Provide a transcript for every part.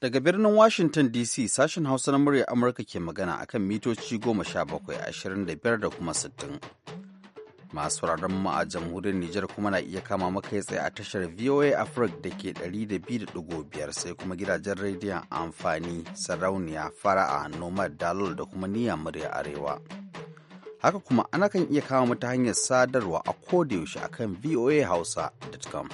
Daga birnin Washington DC sashen Hausa na murya Amurka ke magana akan mitoci goma sha bakwai ashirin da biyar da kuma sittin. Masu wuraren mu a jamhuriyar Nijar kuma na iya kama maka tsaye a tashar VOA Africa da ke ɗari da biyu da sai kuma gidajen rediyon amfani sarauniya fara'a nomad dalol da kuma niyya murya arewa. Haka kuma ana kan iya kama mu ta hanyar sadarwa a kodayaushe akan voahausa.com.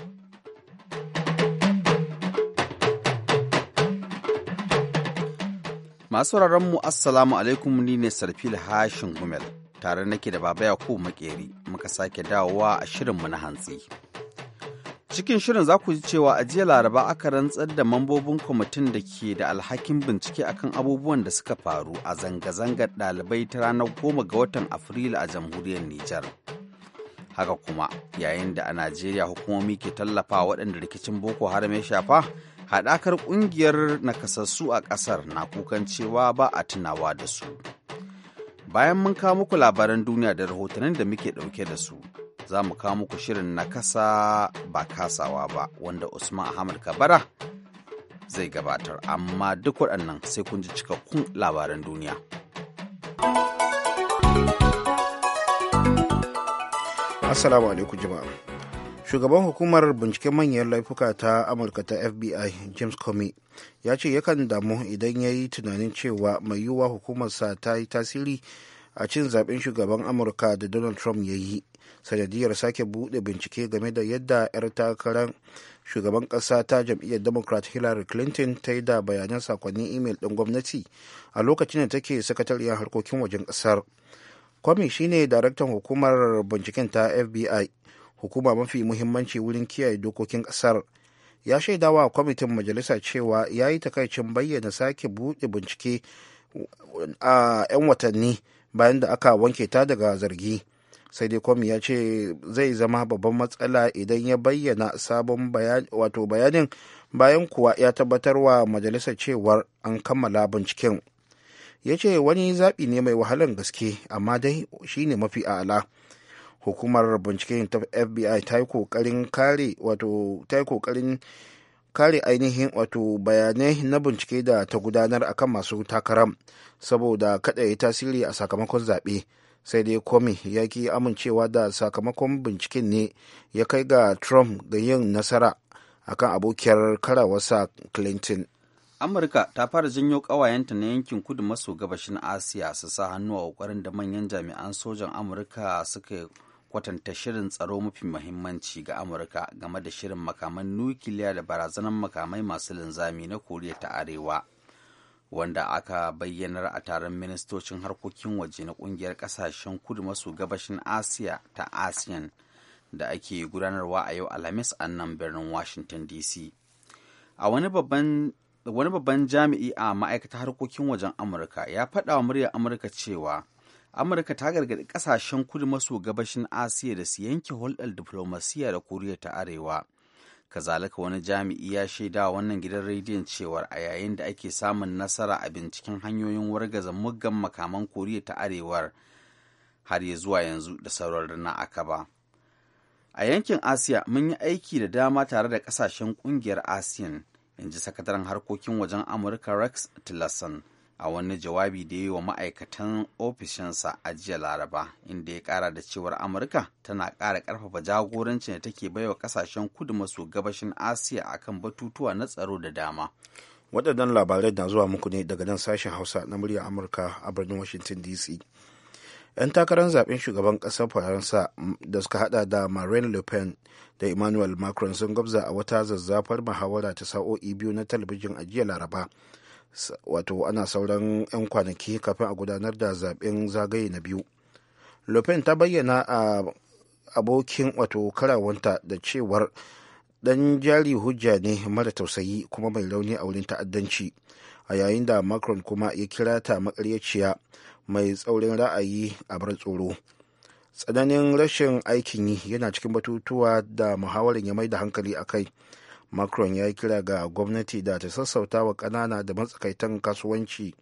Masu mu Assalamu alaikum ni ne Sarfil Hashin Gumel tare nake da Baba Yakubu Makeri muka sake dawowa a shirinmu na hantsi. Cikin shirin za ku ji cewa a jiya Laraba aka rantsar da mambobin kwamitin da ke da alhakin bincike akan abubuwan da suka faru a zanga-zangar ɗalibai ta ranar goma ga watan Afrilu a jamhuriyar Nijar. Haka kuma yayin da a Najeriya hukumomi ke tallafa waɗanda rikicin Boko Haram ya shafa haɗakar ƙungiyar nakasassu a ƙasar na kukan cewa ba a tunawa da su bayan mun kawo muku labaran duniya da rahotannin da muke ɗauke da su za mu kawo muku shirin nakasa ba kasawa ba wanda usman ahmad kabara zai gabatar amma duk waɗannan sai kun ji cikakkun labaran duniya assalamu alaikum jama'a shugaban hukumar binciken manyan laifuka ta amurka ta fbi james comey ya ce yakan damu idan ya yi tunanin cewa mai yiwuwa hukumarsa ta yi tasiri a cin zaben shugaban amurka da donald trump ya yi sanadiyar sake buɗe bincike game da yadda 'yar takarar shugaban ƙasa ta jam'iyyar democrat hillary clinton ta yi da bayanan sakonnin imel ɗin gwamnati a lokacin da take sakatariyar harkokin wajen ƙasar kwami shine daraktan hukumar binciken ta fbi hukuma mafi muhimmanci wurin kiyaye dokokin ƙasar ya shaidawa kwamitin majalisa cewa ya yi takaicin bayyana sake buɗe bincike a 'yan watanni bayan da aka wanke ta daga zargi sai dai kwami ya ce zai zama babban matsala idan ya bayyana sabon wato bayanin bayan kuwa ya tabbatar wa majalisa cewar an kammala binciken ya ce wani zaɓi ne mai wahalan gaske amma dai shine mafi a'ala. hukumar bincike ta fbi ta yi kokarin kare wato ta yi kokarin kare ainihin wato bayanai na bincike da ta gudanar akan masu takaram saboda kada ya tasiri a sakamakon zaɓe sai dai komi ya ki amincewa da sakamakon binciken ne ya kai ga trump ga yin nasara akan abokiyar karawarsa clinton amurka ta fara janyo ƙawayenta na yankin kudu maso gabashin asiya su sa hannu a ƙoƙarin da manyan jami'an sojan amurka suka kwatanta shirin tsaro mafi muhimmanci ga amurka game da shirin makaman nukiliya da barazanar makamai masu linzami na koriya ta arewa wanda aka bayyanar a taron ministocin harkokin waje na kungiyar kasashen kudu maso gabashin asiya ta asiyan da ake gudanarwa a yau alhamis a nan birnin washington dc a wani babban wani babban jami'i a ma'aikatar harkokin wajen amurka ya faɗa wa muryar amurka cewa amurka ta gargaɗi ƙasashen kudu maso gabashin asiya da su yanke hulɗar diflomasiyya da koriya ta arewa kazalika wani jami'i ya shaida wannan gidan rediyon cewar a yayin da ake samun nasara a binciken hanyoyin wargaza muggan makaman koriya ta arewar har ya zuwa yanzu da sauran na ba a yankin asiya mun yi aiki da dama tare da kasashen kungiyar asiyan in ji sakataren harkokin wajen amurka rex tillerson a wani jawabi da yi wa ma'aikatan ofishinsa a jiya laraba inda ya kara da cewar amurka tana kara karfafa jagorancin da take baiwa kasashen kudu maso gabashin asiya akan batutuwa na tsaro da dama waɗannan labarai na zuwa muku ne daga nan sashen hausa na murya amurka a birnin washington dc 'yan takarar zaben shugaban ƙasar faransa da suka hada da marine le pen da emmanuel macron sun gabza a wata zazzafar muhawara ta sa'o'i biyu na talabijin a jiya laraba wato ana sauran 'yan kwanaki kafin a gudanar da zaben zagaye na biyu lopen ta bayyana a abokin wato karawanta da cewar dan jari hujja ne mara tausayi kuma mai rauni a wurin ta'addanci a yayin da macron kuma ya kira ta makaryaciya mai tsaurin ra'ayi a bar tsoro tsananin rashin aikin yi yana cikin batutuwa da muhawarin ya mai da hankali a kai macron ya yi kira ga gwamnati da ta sassauta wa ƙanana da matsakaitan kasuwanci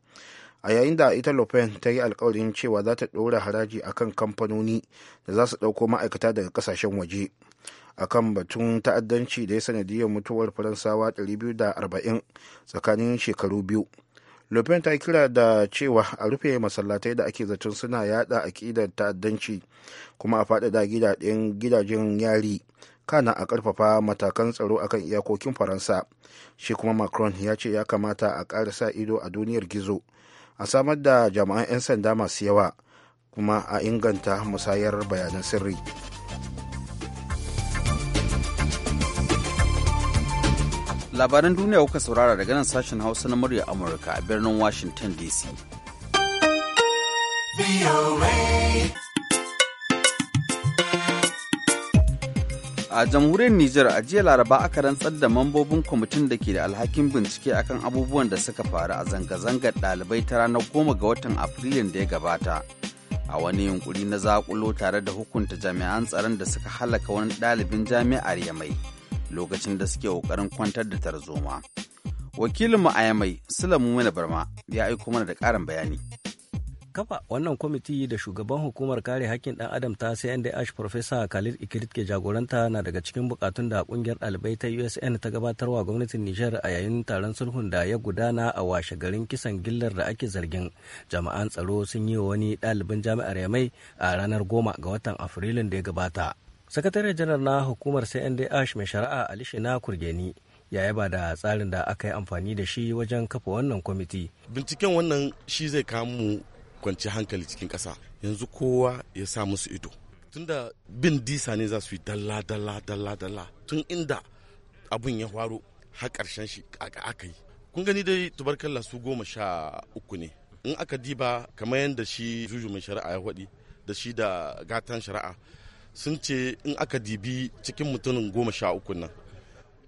a yayin da ita lopen ta yi alkawarin cewa za ta ɗora haraji akan kamfanoni da za su ɗauko ma'aikata daga ƙasashen waje akan batun ta'addanci da ya sanadiyar mutuwar faransawa 240 tsakanin shekaru biyu lopen ta kira da cewa a rufe masallatai da ake zaton suna yada aƙidar ta'addanci kuma a faɗaɗa gidajen yari kana a karfafa matakan tsaro akan iyakokin faransa shi kuma macron ya ce ya kamata a ƙara sa ido a duniyar gizo a samar da jama'an 'yan sanda masu yawa kuma a inganta musayar bayanan sirri labaran duniya kuka saurara daga nan sashen hausa na murya amurka a birnin washington dc A jamhuriyar Nijar a jiya Laraba aka rantsar da mambobin kwamitin da ke da alhakin bincike akan abubuwan da suka faru a zanga-zangar ɗalibai ta ranar goma ga watan Afrilun da ya gabata. A wani yunkuri na zakulo tare da hukunta jami'an tsaron da suka halaka wani ɗalibin jami'ar Yamai lokacin da suke ƙoƙarin kwantar da tarzoma. Wakilinmu a Yamai, Sulamu Mana Barma, ya aiko mana da ƙarin bayani. kafa wannan kwamiti da shugaban hukumar kare hakkin ɗan adam ta CNDH Professor Khalid Ikirit ke jagoranta na daga cikin bukatun da kungiyar ɗalibai ta USN ta gabatarwa gwamnatin Nijar a yayin taron sulhun da ya gudana a washe garin kisan gillar da ake zargin. Jama'an tsaro sun yi wa wani ɗalibin jami'ar Yamai a ranar goma ga watan Afrilun da ya gabata. Sakataren janar na hukumar CNDH mai shari'a Ali Shina Kurgeni ya yaba da tsarin da aka yi amfani da shi wajen kafa wannan kwamiti. Binciken wannan shi zai kamu kwanci hankali cikin ƙasa yanzu kowa ya sa musu ido tunda bin disa ne za su yi dalla dalla dalla dalla tun inda abun ya faro har ƙarshen shi aka yi kun gani dai tubarkalla su goma sha uku ne in aka diba kamar yadda shi juju mai shari'a ya faɗi da shi da gatan shari'a sun ce in aka dibi cikin mutumin goma sha uku nan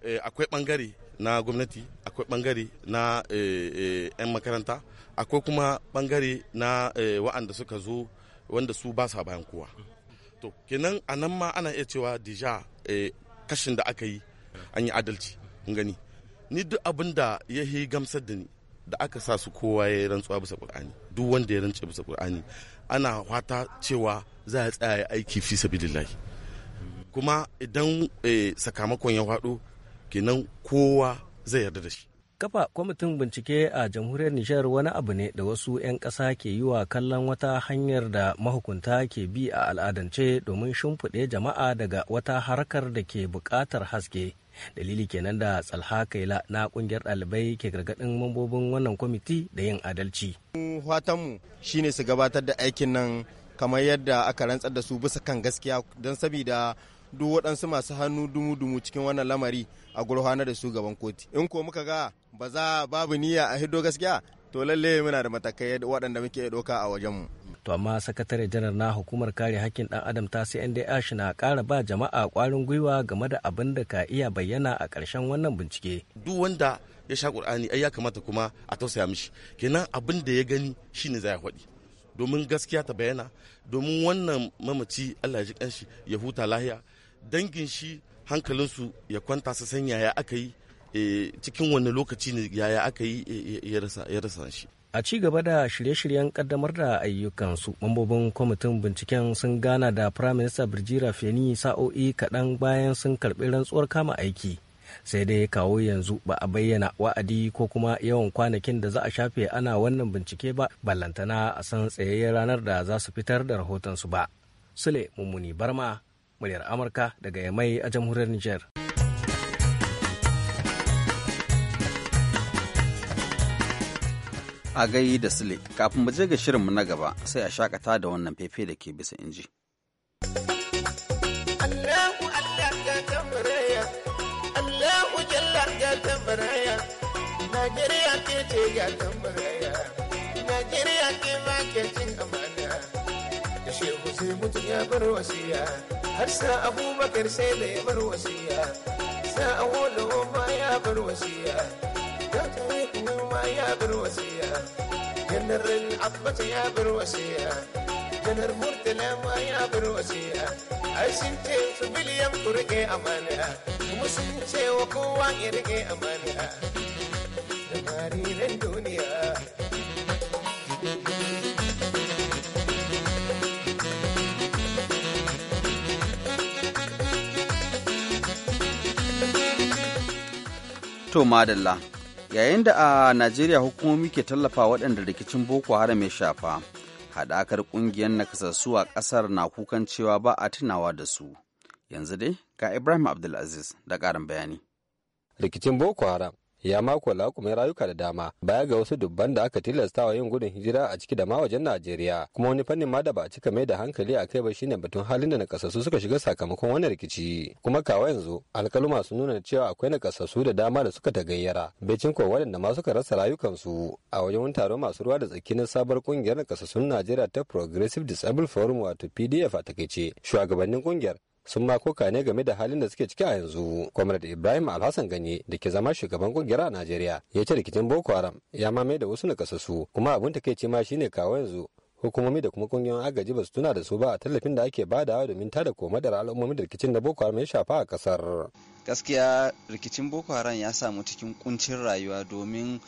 eh, akwai ɓangare na gwamnati akwai bangare na 'yan eh, eh, makaranta akwai kuma bangare na eh, wa'anda suka zo wanda su ba sa bayan kowa to kenan a nan ma ana iya cewa dija kashin da aka yi an yi adalci gani ni duk abin da ya yi gamsar da ni da aka sa su kowa ya rantsuwa bisa kur'ani duk wanda ya rance bisa kur'ani ana hwata cewa za a tsaya aiki fi sabidillahi kuma idan sakamakon ya faɗo kenan kowa zai yarda da shi kafa kwamitin bincike a jamhuriyar nijar wani abu ne da wasu 'yan ƙasa ke yi wa kallon wata hanyar da mahukunta ke bi a al'adance domin shimfiɗe jama'a daga wata harkar da ke buƙatar haske dalili kenan da tsalha kaila na ƙungiyar ɗalibai ke gargaɗin mambobin wannan kwamiti da yin adalci. fatanmu shine su gabatar da aikin nan kamar yadda aka rantsar da su bisa kan gaskiya don sabida duk waɗansu masu hannu dumu-dumu cikin wannan lamari a gurfanar da su gaban koti in ko muka ga ba za babu niyya a hiddo gaskiya to lalle muna da matakai waɗanda muke ɗauka a wajenmu to amma sakatare janar na hukumar kare hakkin dan adam ta CNDH na ƙara ba jama'a ƙwarin gwiwa game da abin da ka iya bayyana a ƙarshen wannan bincike duk wanda ya sha ƙur'ani ai ya kamata kuma a tausaya mishi kenan abin da ya gani shine zai faɗi domin gaskiya ta bayyana domin wannan mamaci Allah ya ji kanshi ya huta lahiya dangin shi hankalinsu ya kwanta su san yaya aka yi e, cikin wani lokaci ne yaya aka yi e, e, ya rasa shi a ci gaba da shirye-shiryen kaddamar da ayyukansu mambobin kwamitin binciken sun gana da prime minister birjira feni sa'o'i kaɗan bayan sun karɓi rantsuwar kama aiki sai dai kawo yanzu ba a bayyana wa'adi ko kuma yawan kwanakin da za a shafe ana wannan bincike ba ballantana a san tsayayyen ranar da za su fitar da rahotonsu ba sule mummuni barma muryar Amurka daga Yamai a jamhuriyar Nijar. A gai da Sule, kafin mu je ga shirinmu na gaba sai a shakata da wannan fefe da ke bisa inji. Allahu tambaraya, Allahu tambaraya, Najeriya ke ce ga tambaraya, Najeriya ke ma ke cin amana. sai mutu ya bar wasiya har sa abubakar sai da ya bar wasiya sa awolowo ma ya bar wasiya ya kuma ma ya bar wasiya janar abbas ya bar wasiya janar murtala ma ya bar wasiya ai sun ce su biliyan ku rike amana kuma sun ce wa kowa ya rike amana To madalla, yayin da a Najeriya hukumomi ke tallafa waɗanda rikicin Boko Haram ya shafa, haɗakar ƙungiyar nakasassu a ƙasar na kukan cewa ba a tunawa da su. Yanzu dai ga Ibrahim Abdulaziz da ƙarin bayani. Rikicin Boko Haram ya mako laƙumin rayuka da dama baya ga wasu dubban da aka tilastawa yin gudun hijira a ciki da ma wajen Najeriya kuma wani fannin ma da ba a cika mai da hankali a kai ba shine batun halin da nakasassu suka shiga sakamakon wannan rikici kuma kawa yanzu alkaluma sun nuna cewa akwai nakasassu da dama da suka tagayyara gayyara. ko waɗanda ma suka rasa rayukansu a wajen wani taron masu ruwa da tsaki na sabar kungiyar nakasassun Najeriya ta Progressive Disabled Forum wato PDF a takaice shugabannin kungiyar sun ma koka ne game da halin da suke ciki a yanzu comrade ibrahim alhassan ganye da ke zama shugaban kungiyar a najeriya ya ce rikicin boko haram ya ma mai da wasu na nakasassu kuma abin ta kai ce ma shine kawo yanzu hukumomi da kuma kungiyoyin agaji ba su tuna da su ba a tallafin da ake badawa domin tada komadar al'ummomin da rikicin da boko haram ya shafa a kasar gaskiya rikicin boko haram ya samu cikin kuncin rayuwa domin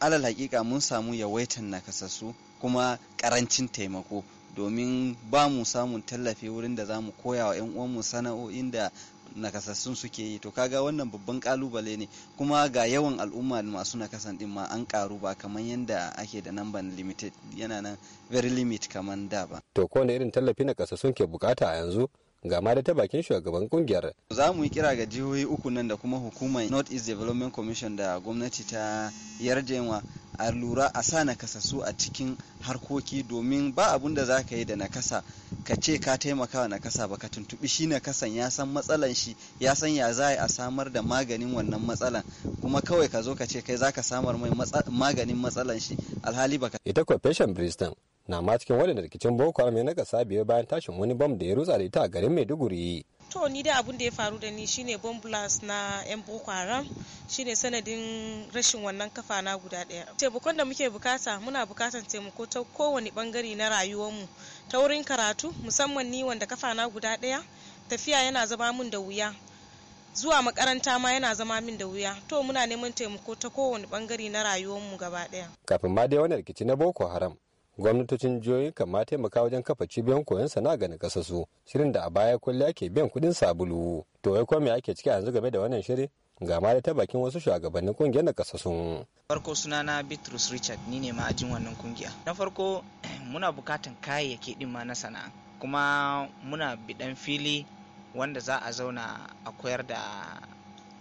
alal hakika mun samu yawaitan nakasassu kuma karancin taimako domin ba mu samun tallafi wurin da za mu koya wa 'yan uwanmu sana'o'in da nakasassun suke yi to kaga wannan babban kalubale ne kuma ga yawan al'umma masu nakasan din ma an karu ba kamar yadda ake da namban limited yana nan very limit kamar da ba to ko irin tallafi nakasassun ke bukata a yanzu ga ma da ta bakin shugaban kungiyar. Za mu yi kira ga jihohi uku nan da kuma hukumar North East Development Commission da gwamnati ta yarjewa a lura a sa nakasassu a cikin harkoki domin ba abun da za ka yi da nakasa ka ce ka taimaka wa nakasa ba ka tuntubi shi nakasan ya san matsalan shi ya san ya za a samar da maganin wannan matsalan kuma kawai ka zo ka ce kai za ka samar mai maganin matsalan shi alhali ba ka ita kwafeshan bristol na ma cikin waɗanda rikicin boko haram ya nakasa biyar bayan tashin wani bam da ya rutsa da ita a garin maiduguri to ni dai abun da ya faru da ni shine bomblast na yan boko haram shine sanadin rashin wannan kafa na guda daya taimakon da muke bukata muna bukatan taimako ta kowane bangare na rayuwarmu ta wurin karatu musamman ni wanda kafa na guda daya tafiya yana zama min da wuya zuwa makaranta ma yana zama min da wuya to muna neman taimako ta kowane bangare na rayuwarmu gaba daya kafin ma dai wani rikici na boko haram gwamnatocin jihohi kama taimaka wajen kafa cibiyan koyon sana'a ga nakasassu shirin da a baya kwalliya ke biyan kudin sabulu to wai kome ake ciki yanzu game da wannan shiri ga ma da ta bakin wasu shugabannin kungiyar na sun Farko sunana Bitrus Richard ni ne ma'ajin wannan kungiya. Na farko muna bukatan kayayyaki din ma na sana'a kuma muna bidan fili wanda za a zauna a koyar da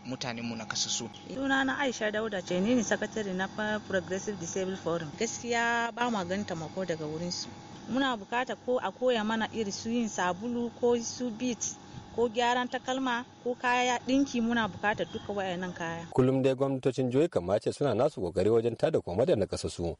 mutane mu na kasassu. Suna na Aisha Dauda ce ne sakatare na Progressive Disabled Forum. Gaskiya ba ma ta taimako daga wurin su. Muna bukata ko a koya mana iri su yin sabulu ko su bit ko gyaran takalma ko kaya dinki muna bukata duka wayannan kaya. Kullum dai gwamnatocin jihohi kamace suna nasu kokari wajen tada koma da na kasusu.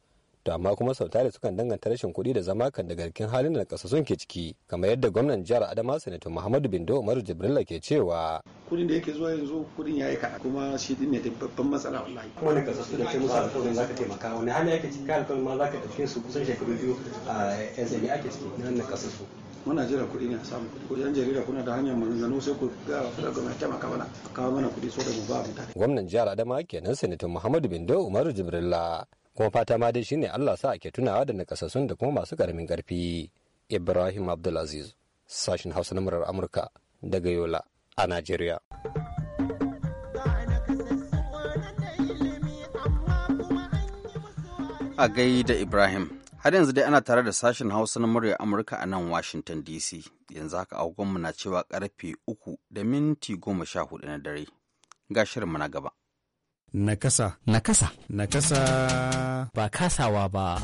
to amma kuma sau tare sukan danganta rashin kuɗi da zama kan daga rikin halin da kasassun ke ciki kamar yadda gwamnan jihar adama sanato muhammadu bindo umaru jibrila ke cewa kuɗin da yake zuwa yanzu kuɗin ya yi kaɗan kuma shi din ne babban matsala wallahi kuma ne kasassu da ke musu alƙawarin za ka taimaka wani hali ake ciki alƙawarin ma za ka ɗauke su kusan shekaru biyu a yanzu ake ciki na kasassu muna jira kuɗi ne a samu kuɗi ko yan jarida kuna da hanyar maganganu sai ku ga fara gwamna taimaka mana kawo mana kuɗi so da mu ba mutane gwamnan jihar adama kenan sanato muhammadu bindo umaru jibrila kuma fata ma dai shine Allah sa ake tunawa da nakasassun da kuma masu karamin karfi Ibrahim Abdulaziz sashin Hausa na murar Amurka daga Yola a Najeriya. A gaida Ibrahim, har yanzu dai ana tare da sashen Hausa na murya Amurka a nan Washington DC. Yanzu haka agogonmu na cewa karfe uku da minti goma sha hudu na dare. Ga shirinmu na gaba. Nakasa. Nakasa. Nakasa. Ba kasawa ba.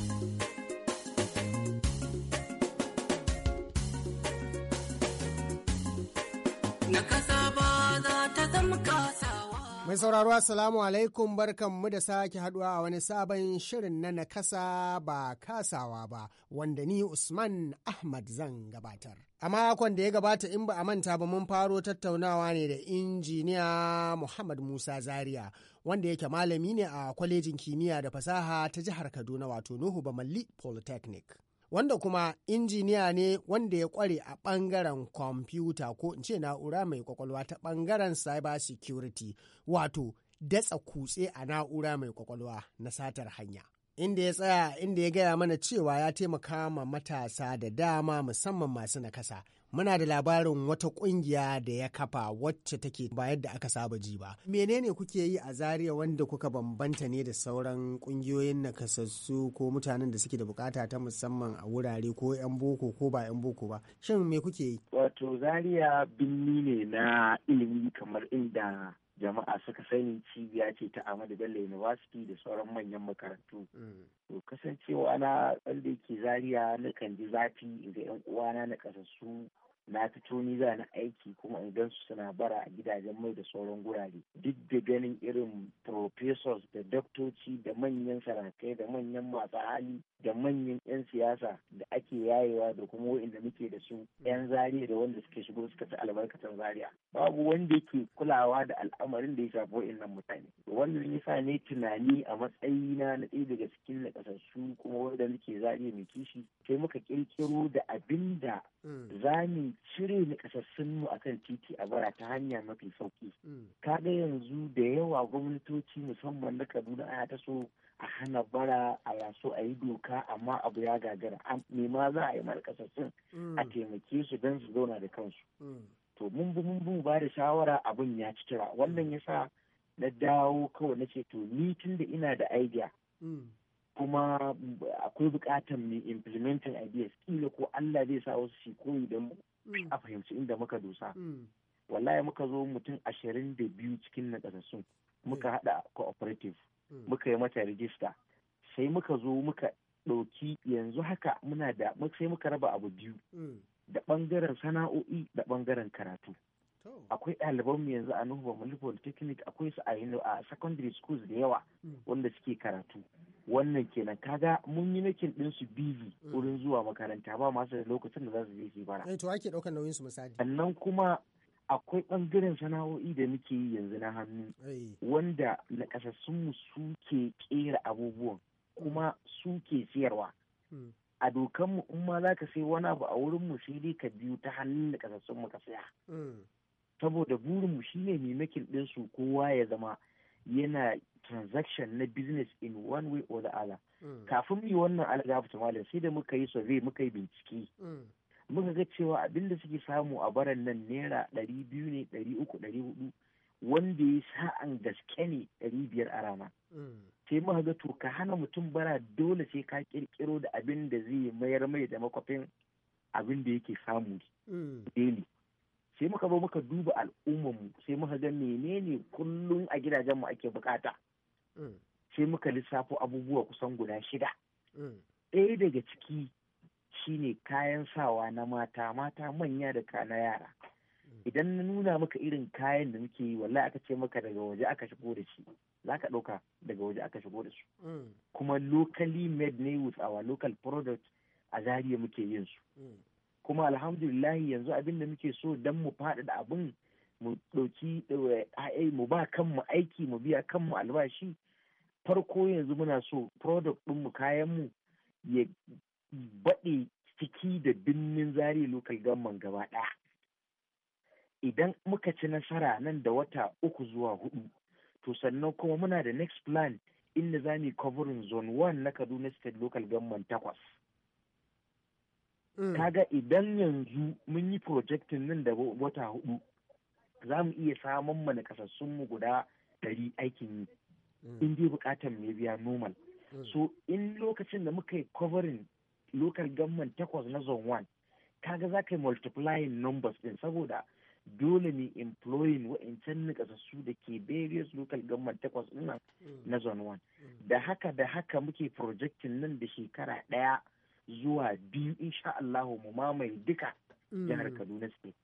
Mai sauraro Assalamu alaikum barkanmu da sake haduwa a wani sabon shirin na nakasa ba kasawa ba wanda ni Usman Ahmad zan gabatar. A makon da ya gabata in ba a manta ba mun faro tattaunawa ne da injiniya Muhammad Musa Zaria wanda yake malami ne a kwalejin kimiyya da fasaha ta jihar Kaduna wato Nuhu Bamalli Polytechnic. wanda kuma injiniya ne wanda ya kware a ɓangaren kwamfuta ko in ce na'ura mai kwakwalwa ta bangaren cyber security wato datsa kutse a na'ura mai kwakwalwa na satar hanya. inda ya tsaya inda ya gaya mana cewa ya taimaka ma matasa da dama musamman masu nakasa muna da labarin wata kungiya da ya kafa wacce take ba yadda aka saba ji ba menene kuke yi a zaria wanda kuka bambanta ne da sauran kungiyoyin nakasassu ko mutanen da suke da bukata ta musamman a wurare ko yan boko ko ba yan boko ba shin me kuke yi wato zaria binni ne na ilimi kamar inda jama'a suka sani cibiya ce ta Ahmadu Bello University da sauran manyan makarantu. Mm. To kasancewa na wanda yake zaria na kan ji zafi ga yan uwana na kasassu na fito ni za na aiki kuma in gansu suna bara a gidajen mai da sauran gurare duk da ganin irin professors da doktoci da manyan sarakai da manyan masu hali da manyan 'yan siyasa da ake yayewa da kuma wa'inda muke da su 'yan zariya da wanda suke shigo suka ci albarkatan zariya babu wanda yake kulawa da al'amarin da ya shafi wa'innan mutane wannan sa ne tunani a matsayina na ɗaya daga cikin na ƙasassu kuma wanda muke zariya mai kishi sai muka ƙirƙiro da abin da mm. za mu cire na ƙasassun mu kan titi a bara ta hanya mafi sauƙi mm. kaga yanzu da yawa gwamnatoci musamman na kaduna ana ta so a hana bara a yaso a yi doka amma abu ya gagara me ma za a yi markasassun a mm. taimake su don su zauna da kansu mm. to mun bi mun bi ba da shawara abin ya ci tura wannan sa na dawo kawai na ce to ni tun da ina da idea mm. kuma akwai bukatar mai implementing ideas kila ko Allah zai sa wasu shi koyi da mu a fahimci inda muka dosa wallahi muka zo mutum ashirin da biyu cikin nakasassun muka hada cooperative Mm. muka yi mata rijista sai muka zo muka ɗauki yanzu haka muna da sai muka raba abu biyu mm. da ɓangaren sana'o'i da ɓangaren karatu akwai ɗalibanmu yanzu a nuhu polytechnic akwai su a secondary schools da yawa mm. wanda suke karatu wannan kenan kaga mun yi nakin ɗin su bizi wurin zuwa makaranta ba masu da lokacin da za su je ke bara eh, to ake ɗaukar nauyin su misali sannan kuma akwai ɓangaren sana'o'i da muke yi yanzu na hannu wanda nakasassunmu suke ƙera abubuwan kuma suke siyarwa hmm. a dokanmu in ma za ka sai wani abu a wurinmu sai dai ka biyu ta hannun nakasassunmu ka saya hmm. saboda burinmu shine maimakin ɗinsu kowa ya zama yana transaction na business in one way or the other hmm. kafin mu yi wannan algabta malam sai da muka yi survey muka yi bincike muka ga cewa abin da suke samu a baran nan naira ɗari biyu ne ɗari uku ɗari hudu wanda ya sa'an gaske ne ɗari biyar a rana mm. sai muka ga to ka hana mutum bara dole sai ka kirkiro da abin da zai mayar mai da makwafin abin da yake samu mm. daily sai muka ba muka duba mu sai muka ga menene kullum a gidajenmu ake bukata mm. sai muka lissafo abubuwa kusan guda shida ɗaya daga ciki shine kayan sawa na mata mata manya da kana yara idan na nuna maka irin kayan da muke yi wallahi aka ce maka daga waje aka shigo da shi za ka ɗauka daga waje aka shigo da su mm. kuma locally made ne with our local product a zariya muke yin su mm. kuma alhamdulillah yanzu abin da muke so dan mu da abin mu ɗauki eh, eh, mu ba kanmu aiki mu biya kanmu albashi farko yanzu muna so product mu kayan mu ya baɗe ciki da birnin zari local government gaba ɗaya idan muka ci nasara nan da wata uku zuwa hudu to sannan kuma muna da next plan inda za mu covering zone one na kaduna state local government takwas mm. kaga idan yanzu mun yi projectin nan da wata hudu za mu iya samun mana kasassunmu guda ɗari aikin yi mm. in dai bukatar mai biya normal mm. so in lokacin da muka yi covering lokal gamman takwas na zone one kaga za ka yi multiplying numbers din saboda dole ne employing wa'incan nakasassu da ke various lokal government takwas nan mm. na zone one mm. da haka da haka muke projectin nan da shekara daya zuwa biyu insha Allah mu mamaye duka mm. jihar Kaduna state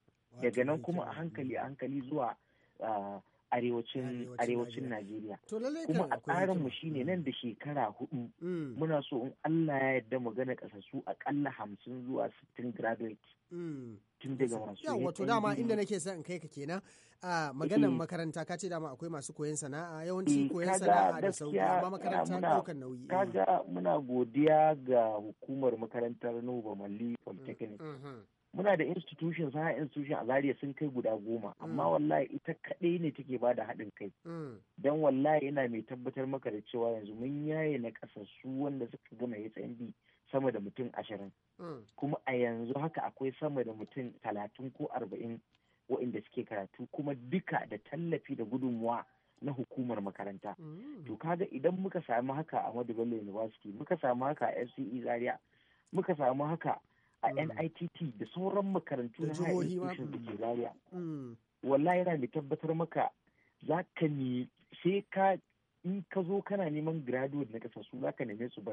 daga nan kuma a hankali a hankali zuwa ah, arewacin arewacin Najeriya. Kuma a tsarinmu shi ne nan da shekara hudu mm. muna so in Allah ya yarda mu gana kasassu akalla hamsin zuwa sittin graduate. Mm. Tun daga masu yawa wato dama inda nake son in kai ka kenan a maganar eh. makaranta ka ce dama akwai masu koyon sana'a yawanci eh, koyon sana'a da sauki amma makaranta ɗaukar nauyi. Eh. Kaga muna godiya ga hukumar makarantar Nuba Mali mm, Polytechnic. Mhm. muna da institution sana'a institution a zaria sun kai guda goma amma mm. wallahi ita kaɗai ne take ba da haɗin kai mm. don wallahi yana mai tabbatar maka da cewa yanzu mun yaye na ƙasassu wanda suka gama hsmb sama da mutum ashirin mm. kuma a yanzu haka akwai sama da mutum talatin ko arba'in waɗanda suke karatu kuma duka da tallafi da gudunmuwa na hukumar makaranta to kaga idan muka samu haka a Bello University muka samu haka a FCE Zaria muka samu haka a mm. NITT da sauran makarantu na higher institution da ke Zariya. Mm. Wallahi yana mai tabbatar maka za ka ne sai ka in ka zo kana neman graduate na kasa su za ka neme su ba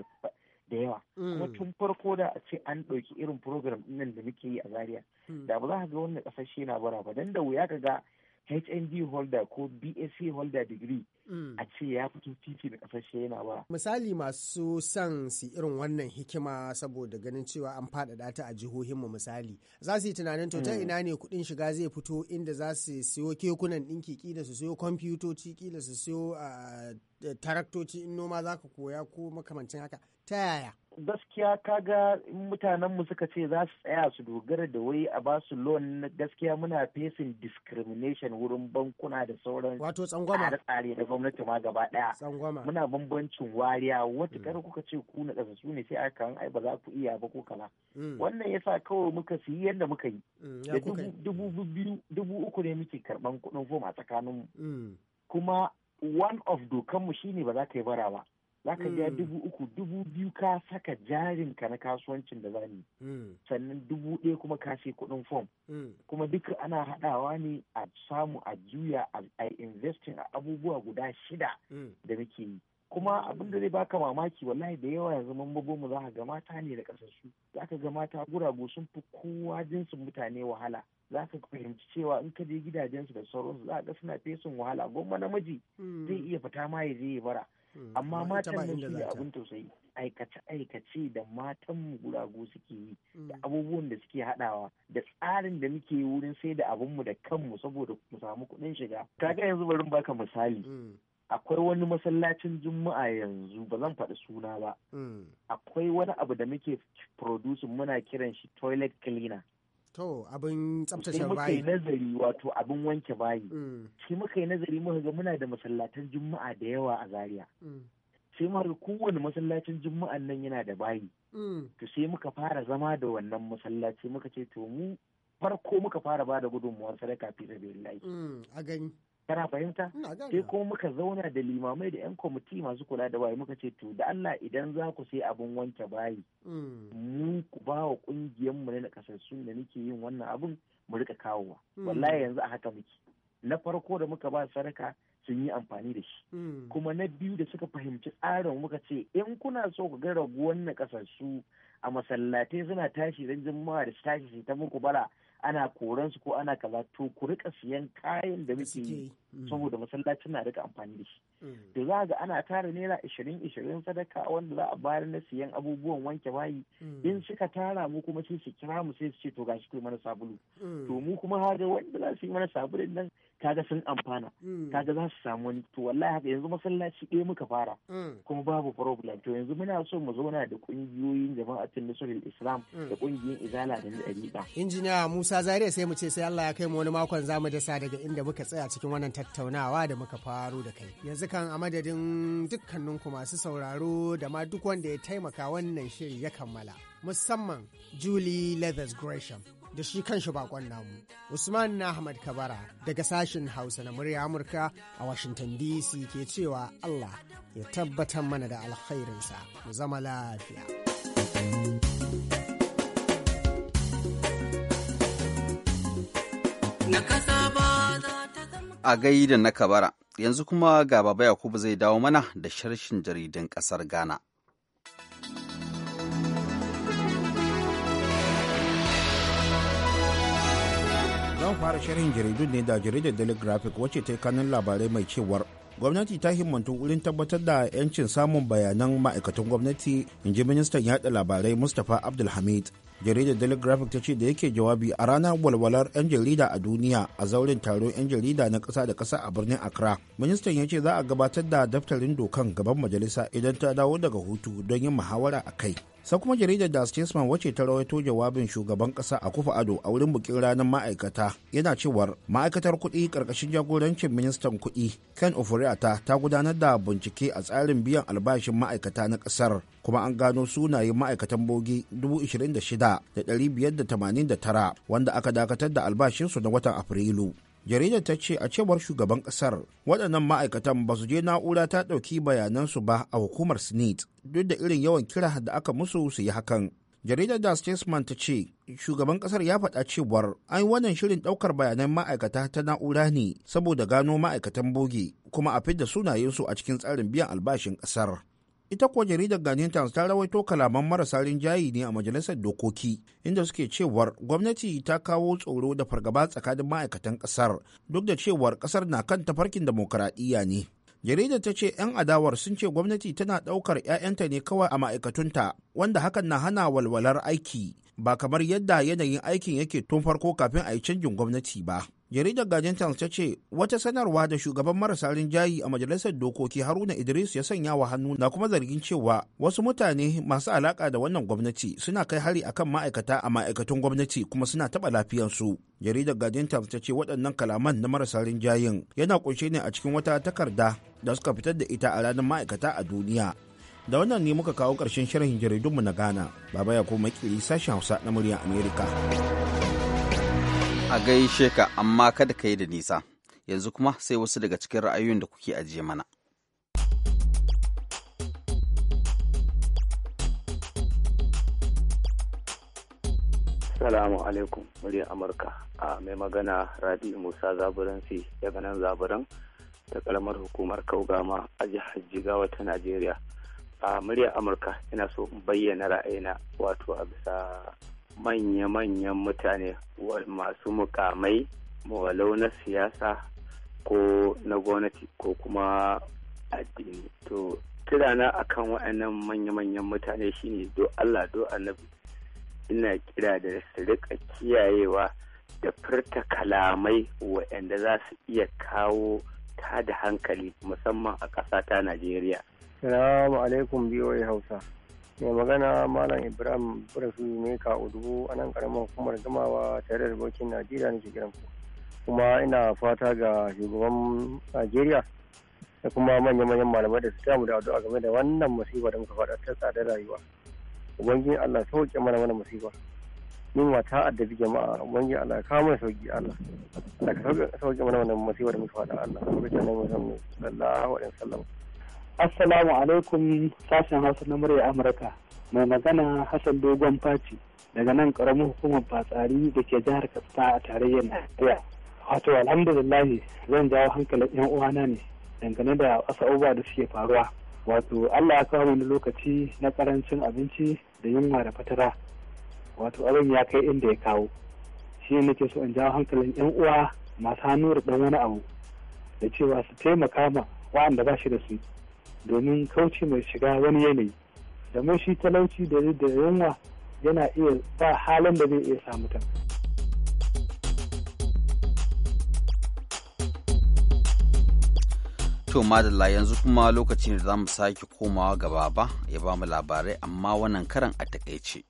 da yawa. Kuma mm. tun farko da a ce an ɗauki irin program ɗin da muke yi a Zariya. Da ba za ka ga wannan ƙasashe na bara ba dan da wuya ka ga HND holder ko BSc holder degree mm. a ce ya fito titi da kasashe yana ba. Misali masu son su irin wannan hikima saboda ganin cewa an faɗaɗa ta a jihohinmu misali. Za su yi tunanin to ta mm. ina ne kuɗin shiga zai fito inda za su siyo kekunan ɗinki kila su siyo kwamfutoci kila su siyo ah, taraktoci in noma za ka koya ko makamancin haka. Ta yaya? gaskiya kaga mutanenmu suka ce za su tsaya su dogara da wai a ba su loan gaskiya muna facing discrimination wurin bankuna da sauran wato tsangwama da tsare da gwamnati ma gaba daya tsangwama muna bambancin wariya wata kar hmm. kuka ce ku na kasa su ne sai aka kan ai ba za ku iya ba ko kaza hmm. wannan yasa kawai muka siyi yadda muka yi hmm, da dubu biyu dubu uku ne muke karban kuɗin goma tsakaninmu kuma one of dokanmu shine ba za ka yi bara ba za ka biya mm. dubu uku dubu biyu ka saka jarin ka na kasuwancin da zani mm. sannan dubu ɗaya kuma ka sai kuɗin fom mm. kuma duka ana haɗawa ne a samu a juya a investing a abubuwa guda shida da muke yi kuma abin da zai baka mamaki wallahi da yawa yanzu mambobin mu za ka ga mata ne da kasassu za ka ga mata guragu sun fi kowa jinsin mutane wahala za ka fahimci cewa in ka je gidajensu da sauransu za ga suna fesin wahala gwamma namiji zai iya fita ma ya je ya bara Mm. amma matan mu su abin tausayi aikace aikace da matan mu gurago suke yi da mm. abubuwan da suke hadawa da tsarin da muke wurin sai da abin mu da kanmu saboda mu samu kuɗin shiga kaga yanzu bari baka misali mm. akwai wani masallacin juma'a yanzu ba zan faɗi suna ba akwai wani abu da muke producing muna kiran shi toilet cleaner To abin tsabtace bayi. Muka yi nazari wato abin wanke bayi. Mm. Shi muka yi nazari muka ga muna da masallatan juma'a da yawa a Zaria. Mm. Sai muka kowane masallacin juma'an nan yana da bayi. Mm. To sai muka fara zama da wannan masallaci muka ce to mu farko muka fara bada da gudunmuwar sadaka fi lillahi. A gani. kana fahimta sai kuma muka zauna da limamai da 'yan kwamiti masu kula da bayi muka ce to da Allah idan za ku sai abin wanke bayi mm. mu ku ba wa kungiyar mu na kasassun da nake yin wannan abun mu rika kawowa mm. wallahi yanzu a haka muke na farko da muka ba sadaka sun yi amfani da shi mm. kuma na biyu da suka fahimci tsarin muka ce in kuna so ku ga raguwan na kasassu a masallatai suna tashi ran jama'a da tashi ta muku bara ana koran su ko ana kaza to ku rika siyan kayan da muke yi hmm. saboda masallaci na rika amfani da shi da hmm. za ga ana tara naira ishirin ishirin sadaka wanda za a bayar na siyan abubuwan wanke bayi hmm. in suka tara mu kuma sai su kira mu sai su ce to gashi kai mana sabulu to mu kuma har wanda za su yi mana sabulun nan kaga sun amfana mm. kaga za su samu wani to wallahi haka yanzu masallaci ɗaya muka fara mm. kuma babu problem to yanzu muna so mu zauna da kungiyoyin jama'atin nasarar islam mm. da kungiyoyin izala da ɗariƙa. injiniya musa zaria sai mu ce sai allah ya kai mu wani makon za mu dasa daga inda muka tsaya cikin wannan tattaunawa da muka faro da kai yanzu kan a madadin dukkaninku masu sauraro da ma duk wanda ya taimaka wannan shiri ya kammala musamman julie leathers gresham da shi kanshi bakon namu usman na ahmad kabara daga sashen hausa na murya amurka a washington dc ke cewa allah ya tabbatar mana da alkhairinsa mu zama lafiya a gai da na kabara yanzu kuma ga baba yakubu zai dawo mana da sharshin jaridan kasar ghana zau fara shirin jaridu ne da jaridar daily graphic wacce ta yi kanun labarai mai cewar gwamnati ta himmantu wurin tabbatar da 'yancin samun bayanan ma'aikatan gwamnati in ji ministan yaɗa labarai mustapha abdulhamid jaridar daily graphic ta ce da yake jawabi a ranar walwalar 'yan jarida a duniya a zauren taron 'yan jarida na ƙasa da ƙasa a birnin accra ministan ya ce za a gabatar da daftarin dokan gaban majalisa idan ta dawo daga hutu don yin muhawara a kai sai kuma jaridar da statesman wacce ta rawaito jawabin shugaban kasa a kufa ado a wurin bukin ranar ma'aikata yana cewar ma'aikatar kuɗi karkashin jagorancin ministan kuɗi ken ofuriata ta gudanar da bincike a tsarin biyan albashin ma'aikata na ƙasar kuma an gano sunayen ma'aikatan bogi 26,589 wanda aka dakatar da albashinsu na watan afrilu jaridar ta ce a cewar shugaban kasar waɗannan ma'aikatan ba su je na'ura ta ɗauki bayanansu ba a hukumar snit duk da irin yawan kira da aka musu su yi hakan jaridar da statesman ta ce shugaban kasar ya faɗa cewar an wannan shirin ɗaukar bayanan ma'aikata ta na'ura ne saboda gano ma'aikatan bogi, kuma a fidda sunayensu a cikin tsarin biyan albashin ƙasar. ita kuwa jaridar Ghanaian Times ta rawaito kalaman marasa rinjaye ne a majalisar dokoki inda suke cewar gwamnati ta kawo tsoro da fargaba tsakanin ma'aikatan kasar duk da cewar kasar na kan tafarkin demokaradiyya ne jaridar ta ce 'yan adawar sun ce gwamnati tana ɗaukar 'ya'yanta ne kawai a ma'aikatunta wanda hakan na hana walwalar aiki ba kamar yadda yanayin aikin yake tun farko kafin a yi canjin gwamnati ba jaridar gajin times ta ce wata sanarwa da shugaban marasa rinjayi a majalisar dokoki haruna idris ya sanya wa hannu na kuma zargin cewa wasu mutane masu alaka da wannan gwamnati suna kai hari akan ma'aikata a ma'aikatun gwamnati kuma suna taɓa su jaridar gajin ta ce waɗannan kalaman na marasa rinjayin yana kunshe ne a cikin wata takarda da suka fitar da ita a ranar ma'aikata a duniya da wannan ne muka kawo ƙarshen sharhin jaridunmu na ghana baba ya kuma kiri sashen hausa na muryar america A gaishe ka, amma kada ka yi da nisa. Yanzu kuma sai wasu daga cikin ra'ayoyin da kuke ajiye mana. Salamu alaikum, muryar Amurka. A mai magana Rabi Musa Zaburansi daga nan Zaburan ta karamar hukumar Kaugama a jihar Jigawa ta Najeriya. A muryar Amurka ina so in bayyana ra'ayina wato a bisa manya-manyan mutane masu mukamai walau na siyasa ko na gwamnati ko kuma addini to kirana akan waɗannan manya-manyan mutane shine do Allah do annabi ina kira da su rika kiyayewa da furta kalamai wa'anda za su iya kawo ta da hankali musamman a ƙasa ta Najeriya. Salamu alaikum biyoyi Hausa. mai magana malam ibrahim burafi mai ka udubu a nan karamar hukumar gamawa tare da rubokin najeriya na shigiran kuma ina fata ga shugaban najeriya da kuma manya-manyan malamai da su tamu da addu'a game da wannan musiba da muka faɗa ta tsadar rayuwa ubangin allah sauke mana mana musiba min ta addabi jama'a ubangin allah ka mana sauki allah da ka sauke mana wannan musiba da muka faɗa allah sauke mana musamman sallallahu alaihi wasallam Assalamu alaikum sashen Hausa na murya Amurka. Mai magana Hassan Dogon Faci daga nan ƙaramin hukumar Batsari da ke jihar Katsina a tarayyar Najeriya. Wato alhamdulillah zan jawo hankalin 'yan uwana ne dangane da asa'uba da suke faruwa. Wato Allah ya kawo wani lokaci na ƙarancin abinci da yunwa da fatara. Wato abin ya kai inda ya kawo. Shi nake so in jawo hankalin 'yan uwa masu hannu da ɗan wani abu da cewa su taimaka ma wa'anda ba shi da su. domin kauce mai shiga wani yanayi da shi talauci da da yunwa yana iya ba halin da zai iya samu ta. To madalla yanzu kuma lokacin da za mu sake komawa gaba ba ya ba mu labarai amma wannan karan a takaice.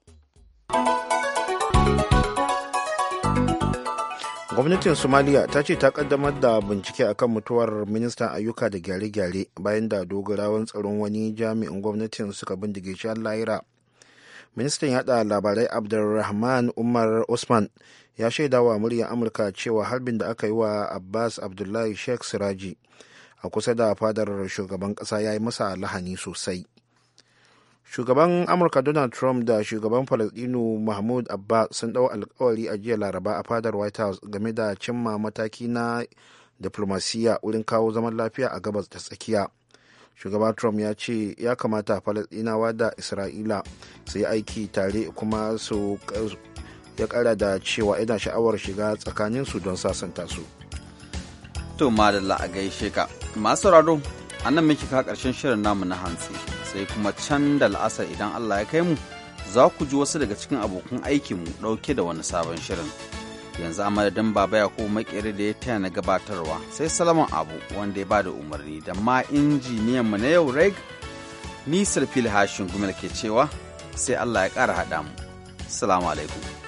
gwamnatin somalia ta ce ta kaddamar da bincike akan mutuwar ministan ayyuka da gyare-gyare bayan da dogarawan tsaron wani jami'in gwamnatin suka bindige shi lahira ministan yada labarai abdulrahman umar usman ya shaida wa muryar amurka cewa harbin da aka yi wa abbas abdullahi sheikh siraji a kusa da fadar shugaban kasa ya yi masa lahani sosai shugaban amurka donald trump da shugaban falasdino mahmud abba sun dau alkawari a jiya laraba a fadar white house game da cimma mataki na diplomasiya wurin kawo zaman lafiya a gabas da tsakiya shugaban trump ya ce ya kamata falasdinawa da isra'ila su yi aiki tare kuma su ya kara da cewa yana sha'awar shiga tsakaninsu don sasanta su to madalla a gaishe masu a nan muke ka ƙarshen shirin namu na hantsi sai kuma can da la'asar idan allah ya kai mu za ku ji wasu daga cikin abokan mu ɗauke da wani sabon shirin yanzu a madadin baba ya ko makere da ya taya na gabatarwa sai salaman abu wanda ya bada umarni da ma mu na yau reg nisar fil hashin gumel ke cewa sai allah ya kara haɗa mu salamu alaikum